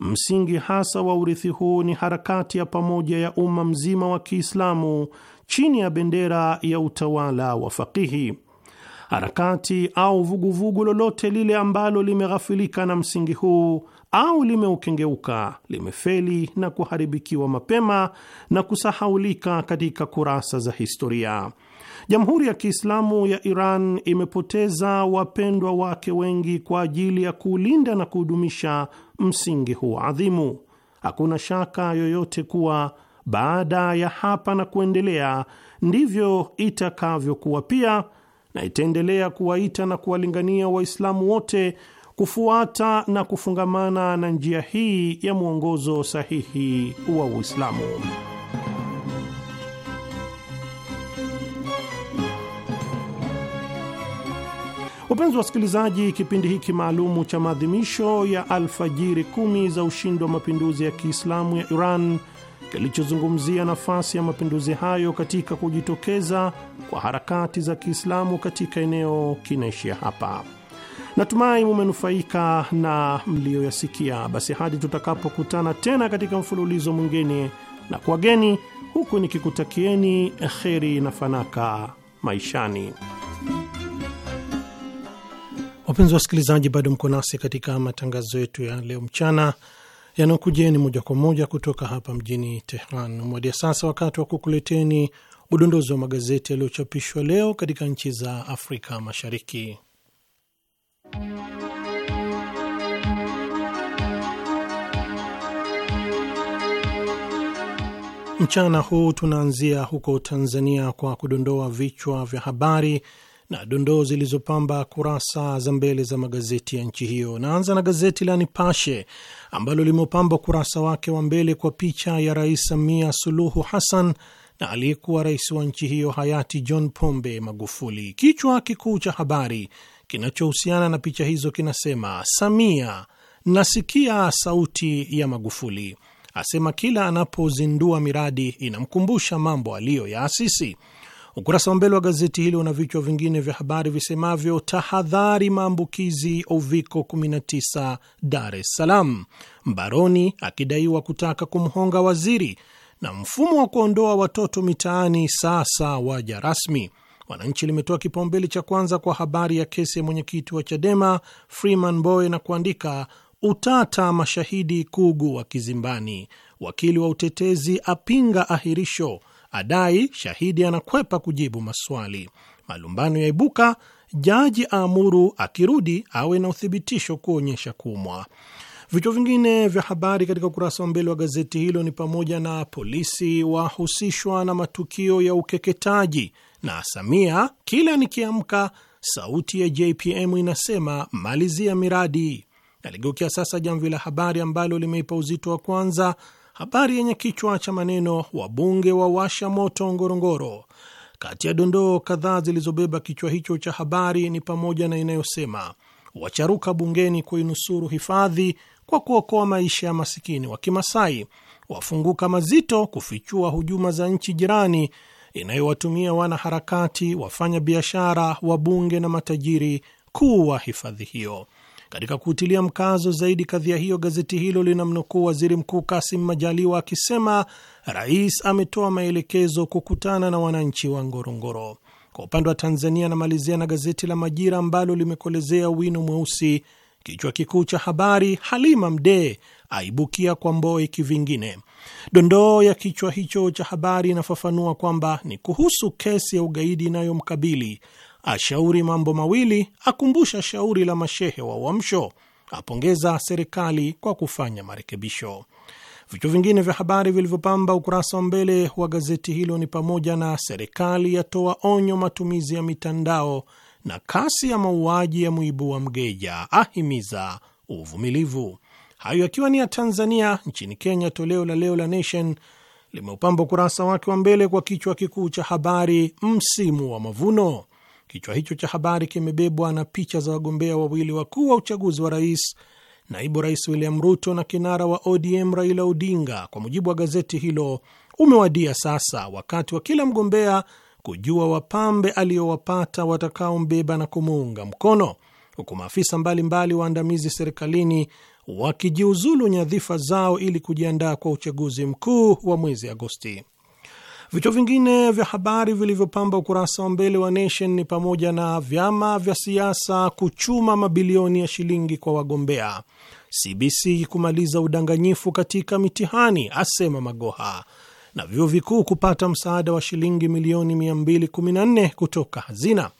msingi hasa wa urithi huu ni harakati ya pamoja ya umma mzima wa Kiislamu chini ya bendera ya utawala wa fakihi. Harakati au vuguvugu vugu lolote lile ambalo limeghafilika na msingi huu au limeukengeuka, limefeli na kuharibikiwa mapema na kusahaulika katika kurasa za historia. Jamhuri ya Kiislamu ya Iran imepoteza wapendwa wake wengi kwa ajili ya kuulinda na kuhudumisha msingi huu adhimu. Hakuna shaka yoyote kuwa baada ya hapa na kuendelea ndivyo itakavyokuwa pia, na itaendelea kuwaita na kuwalingania Waislamu wote kufuata na kufungamana na njia hii ya mwongozo sahihi wa Uislamu. Wapenzi wasikilizaji, kipindi hiki maalumu cha maadhimisho ya alfajiri kumi za ushindi wa mapinduzi ya Kiislamu ya Iran kilichozungumzia nafasi ya mapinduzi hayo katika kujitokeza kwa harakati za Kiislamu katika eneo kinaishia hapa. Natumai mumenufaika na mliyoyasikia. Basi hadi tutakapokutana tena katika mfululizo mwingine, na kwageni huku nikikutakieni kheri na fanaka maishani. Wapenzi wa wasikilizaji, bado mko nasi katika matangazo yetu ya leo mchana yanayokujeni moja kwa moja kutoka hapa mjini Tehran. Mwadia sasa wakati wa kukuleteni udondozi wa magazeti yaliyochapishwa leo katika nchi za Afrika Mashariki. Mchana huu tunaanzia huko Tanzania kwa kudondoa vichwa vya habari na dondoo zilizopamba kurasa za mbele za magazeti ya nchi hiyo. Naanza na gazeti la Nipashe ambalo limepamba ukurasa wake wa mbele kwa picha ya Rais Samia Suluhu Hassan na aliyekuwa rais wa nchi hiyo hayati John Pombe Magufuli. Kichwa kikuu cha habari kinachohusiana na picha hizo kinasema: Samia, nasikia sauti ya Magufuli asema kila anapozindua miradi inamkumbusha mambo aliyoyaasisi. Ukurasa wa mbele wa gazeti hilo na vichwa vingine vya habari visemavyo: tahadhari maambukizi uviko 19 Dar es Salaam, mbaroni akidaiwa kutaka kumhonga waziri, na mfumo wa kuondoa watoto mitaani sasa waja rasmi. Mwananchi limetoa kipaumbele cha kwanza kwa habari ya kesi ya mwenyekiti wa Chadema Freeman Mbowe na kuandika utata, mashahidi kugu wa kizimbani, wakili wa utetezi apinga ahirisho, adai shahidi anakwepa kujibu maswali, malumbano ya ibuka, jaji aamuru akirudi awe na uthibitisho kuonyesha kumwa Vichwa vingine vya habari katika ukurasa wa mbele wa gazeti hilo ni pamoja na polisi wahusishwa na matukio ya ukeketaji na Samia, kila nikiamka sauti ya JPM inasema malizia miradi. Aligeukia sasa jamvi la habari ambalo limeipa uzito wa kwanza habari yenye kichwa cha maneno wabunge wa washa moto Ngorongoro. Kati ya dondoo kadhaa zilizobeba kichwa hicho cha habari ni pamoja na inayosema wacharuka bungeni kuinusuru hifadhi kwa kuokoa maisha ya masikini wa Kimasai, wafunguka mazito kufichua hujuma za nchi jirani inayowatumia wanaharakati, wafanya biashara, wabunge na matajiri kuwa hifadhi hiyo. Katika kuutilia mkazo zaidi kadhia hiyo, gazeti hilo linamnukuu waziri mkuu Kasim Majaliwa akisema rais ametoa maelekezo kukutana na wananchi wa Ngorongoro. Kwa upande wa Tanzania, anamalizia na gazeti la Majira ambalo limekolezea wino mweusi kichwa kikuu cha habari, Halima Mdee aibukia kwa Mboe kivingine. Dondoo ya kichwa hicho cha habari inafafanua kwamba ni kuhusu kesi ya ugaidi inayomkabili ashauri mambo mawili, akumbusha shauri la mashehe wa Uamsho, apongeza serikali kwa kufanya marekebisho. Vichwa vingine vya habari vilivyopamba ukurasa wa mbele wa gazeti hilo ni pamoja na serikali yatoa onyo matumizi ya mitandao na kasi ya mauaji ya mwibu wa mgeja ahimiza uvumilivu. Hayo yakiwa ni ya Tanzania. Nchini Kenya, toleo la leo la Nation limeupamba ukurasa wake wa mbele kwa kichwa kikuu cha habari, msimu wa mavuno. Kichwa hicho cha habari kimebebwa na picha za wagombea wawili wakuu wa uchaguzi wa rais, naibu rais William Ruto na kinara wa ODM Raila Odinga. Kwa mujibu wa gazeti hilo, umewadia sasa wakati wa kila mgombea kujua wapambe aliyowapata watakaombeba na kumuunga mkono, huku maafisa mbalimbali waandamizi serikalini wakijiuzulu nyadhifa zao ili kujiandaa kwa uchaguzi mkuu wa mwezi Agosti. Vichwa vingine vya habari vilivyopamba ukurasa wa mbele wa Nation ni pamoja na vyama vya siasa kuchuma mabilioni ya shilingi kwa wagombea, CBC kumaliza udanganyifu katika mitihani asema Magoha, na vyuo vikuu kupata msaada wa shilingi milioni 214 kutoka hazina.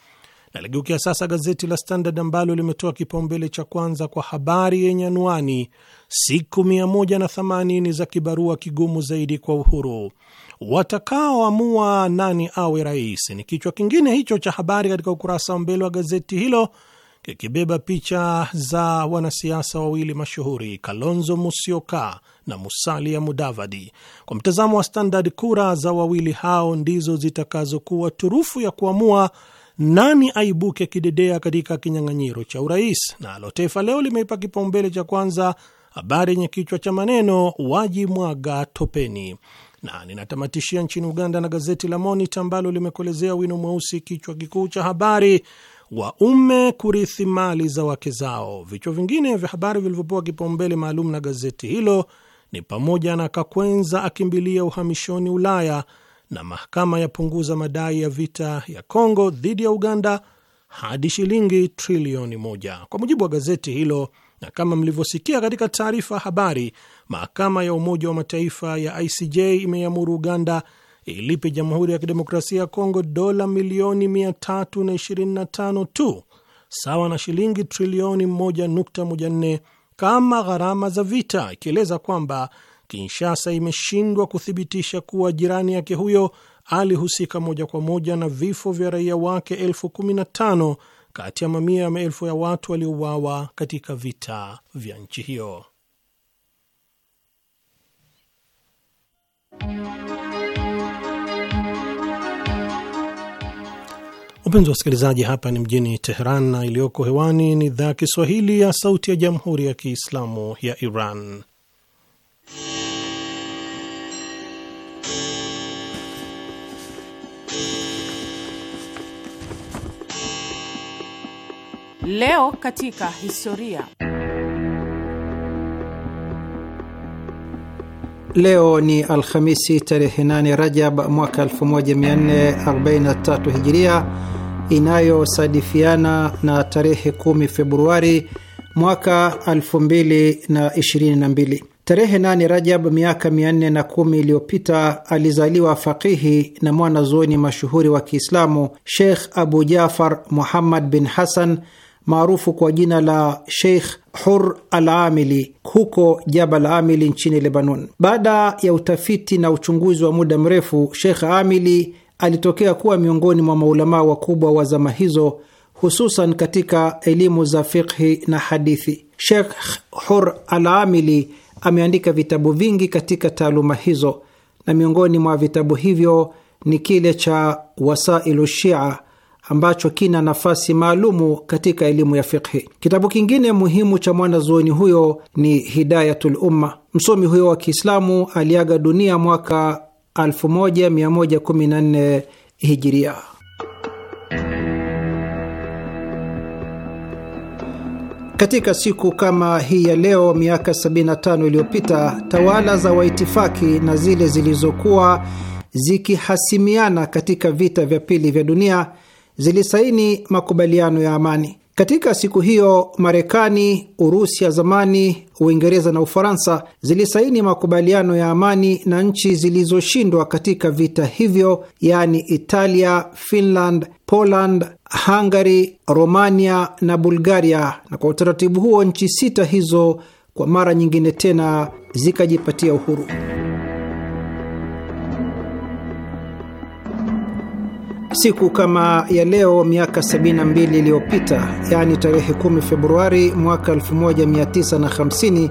Naligeukia sasa gazeti la Standard ambalo limetoa kipaumbele cha kwanza kwa habari yenye anwani siku 180 za kibarua kigumu zaidi kwa Uhuru, watakaoamua nani awe rais, ni kichwa kingine hicho cha habari katika ukurasa wa mbele wa gazeti hilo kikibeba picha za wanasiasa wawili mashuhuri Kalonzo Musyoka na Musalia Mudavadi. Kwa mtazamo wa Standard, kura za wawili hao ndizo zitakazokuwa turufu ya kuamua nani aibuke kidedea katika kinyang'anyiro cha urais. Nalo Taifa Leo limeipa kipaumbele cha kwanza habari yenye kichwa cha maneno wajimwaga topeni, na ninatamatishia nchini Uganda na gazeti la Monita ambalo limekuelezea wino mweusi, kichwa kikuu cha habari waume kurithi mali za wake zao. Vichwa vingine vya habari vilivyopewa kipaumbele maalum na gazeti hilo ni pamoja na Kakwenza akimbilia uhamishoni Ulaya na mahakama yapunguza madai ya vita ya Kongo dhidi ya Uganda hadi shilingi trilioni moja kwa mujibu wa gazeti hilo. Na kama mlivyosikia katika taarifa habari, mahakama ya Umoja wa Mataifa ya ICJ imeamuru Uganda ilipe Jamhuri ya Kidemokrasia ya Kongo dola milioni 325 tu sawa na shilingi trilioni 1.14 kama gharama za vita, ikieleza kwamba Kinshasa imeshindwa kuthibitisha kuwa jirani yake huyo alihusika moja kwa moja na vifo vya raia wake elfu kumi na tano kati ya mamia ya maelfu ya watu waliouawa katika vita vya nchi hiyo. Upenzi wa wasikilizaji, hapa ni mjini Teheran na iliyoko hewani ni idhaa ya Kiswahili ya Sauti ya Jamhuri ya Kiislamu ya Iran. Leo katika historia. Leo ni Alhamisi tarehe 8 Rajab mwaka 1443 Hijiria, inayosadifiana na tarehe 10 Februari mwaka 2022. Tarehe nane Rajab miaka kumi iliyopita alizaliwa faqihi na mwanazuoni mashuhuri wa Kiislamu Sheikh Abu Jafar Muhammad bin Hassan maarufu kwa jina la Sheikh Hur al Amili huko Jabal Amili nchini Lebanon. Baada ya utafiti na uchunguzi wa muda mrefu, Sheikh Amili alitokea kuwa miongoni mwa maulamaa wakubwa wa zama hizo hususan katika elimu za fiqhi na hadithi. shekh Hur Alamili ameandika vitabu vingi katika taaluma hizo na miongoni mwa vitabu hivyo ni kile cha Wasailu Shia ambacho kina nafasi maalumu katika elimu ya fiqhi. Kitabu kingine muhimu cha mwanazuoni huyo ni Hidayatul Umma. Msomi huyo wa Kiislamu aliaga dunia mwaka 1114 hijiria. Katika siku kama hii ya leo miaka 75 iliyopita, tawala za waitifaki na zile zilizokuwa zikihasimiana katika vita vya pili vya dunia zilisaini makubaliano ya amani. Katika siku hiyo Marekani, Urusi ya zamani, Uingereza na Ufaransa zilisaini makubaliano ya amani na nchi zilizoshindwa katika vita hivyo, yaani Italia, Finland, Poland, Hungary, Romania na Bulgaria, na kwa utaratibu huo nchi sita hizo kwa mara nyingine tena zikajipatia uhuru. Siku kama ya leo miaka 72 iliyopita, yaani tarehe 10 Februari mwaka 1950,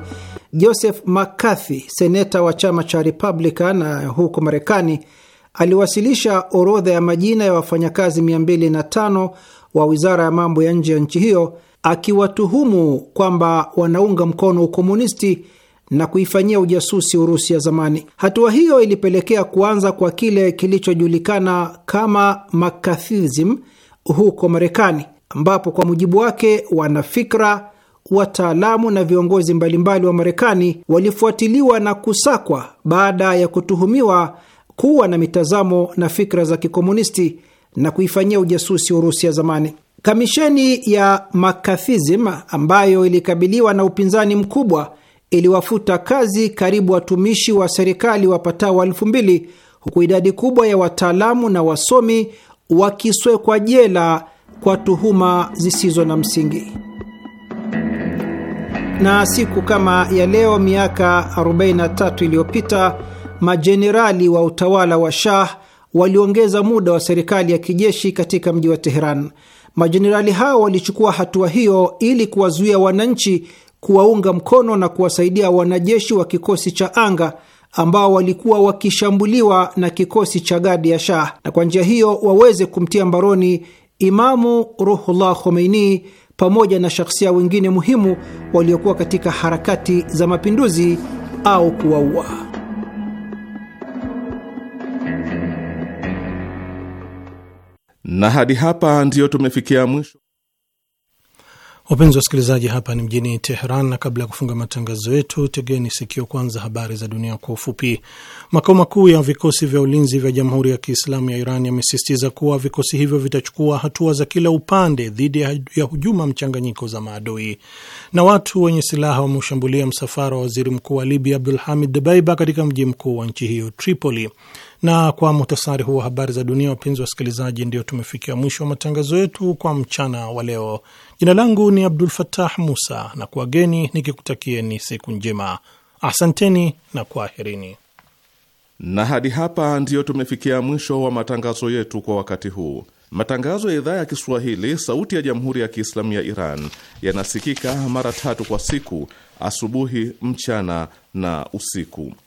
Joseph McCarthy, seneta wa chama cha Republican eh, huko Marekani, aliwasilisha orodha ya majina ya wafanyakazi 205 wa wizara ya mambo ya nje ya nchi hiyo, akiwatuhumu kwamba wanaunga mkono ukomunisti na kuifanyia ujasusi Urusi ya zamani. Hatua hiyo ilipelekea kuanza kwa kile kilichojulikana kama makathism huko Marekani, ambapo kwa mujibu wake wanafikra, wataalamu na viongozi mbalimbali wa Marekani walifuatiliwa na kusakwa baada ya kutuhumiwa kuwa na mitazamo na fikra za kikomunisti na kuifanyia ujasusi Urusi ya zamani. Kamisheni ya makathism ambayo ilikabiliwa na upinzani mkubwa iliwafuta kazi karibu watumishi wa serikali wapatao elfu mbili huku idadi kubwa ya wataalamu na wasomi wakiswekwa jela kwa tuhuma zisizo na msingi. Na siku kama ya leo miaka 43 iliyopita majenerali wa utawala wa Shah waliongeza muda wa serikali ya kijeshi katika mji wa Teheran. Majenerali hao walichukua hatua hiyo ili kuwazuia wananchi kuwaunga mkono na kuwasaidia wanajeshi wa kikosi cha anga ambao walikuwa wakishambuliwa na kikosi cha gadi ya Shah, na kwa njia hiyo waweze kumtia mbaroni Imamu Ruhullah Khomeini pamoja na shakhsia wengine muhimu waliokuwa katika harakati za mapinduzi au kuwaua. Na hadi hapa ndiyo tumefikia mwisho Wapenzi wasikilizaji, hapa ni mjini Teheran, na kabla ya kufunga matangazo yetu, tegeni sikio kwanza habari za dunia kwa ufupi. Makao makuu ya vikosi vya ulinzi vya Jamhuri ya Kiislamu ya Iran yamesisitiza kuwa vikosi hivyo vitachukua hatua za kila upande dhidi ya hujuma mchanganyiko za maadui. Na watu wenye silaha wameushambulia msafara wa waziri mkuu wa Libya Abdul Hamid Debaiba katika mji mkuu wa nchi hiyo Tripoli. Na kwa muhtasari huu wa habari za dunia, wapenzi wasikilizaji, ndio tumefikia mwisho wa matangazo yetu kwa mchana wa leo. Jina langu ni Abdul fatah Musa na kuwageni nikikutakieni siku njema. Asanteni na kwaherini. Na hadi hapa ndiyo tumefikia mwisho wa matangazo yetu kwa wakati huu. Matangazo ya idhaa ya Kiswahili sauti ya jamhuri ya Kiislamu ya Iran yanasikika mara tatu kwa siku: asubuhi, mchana na usiku.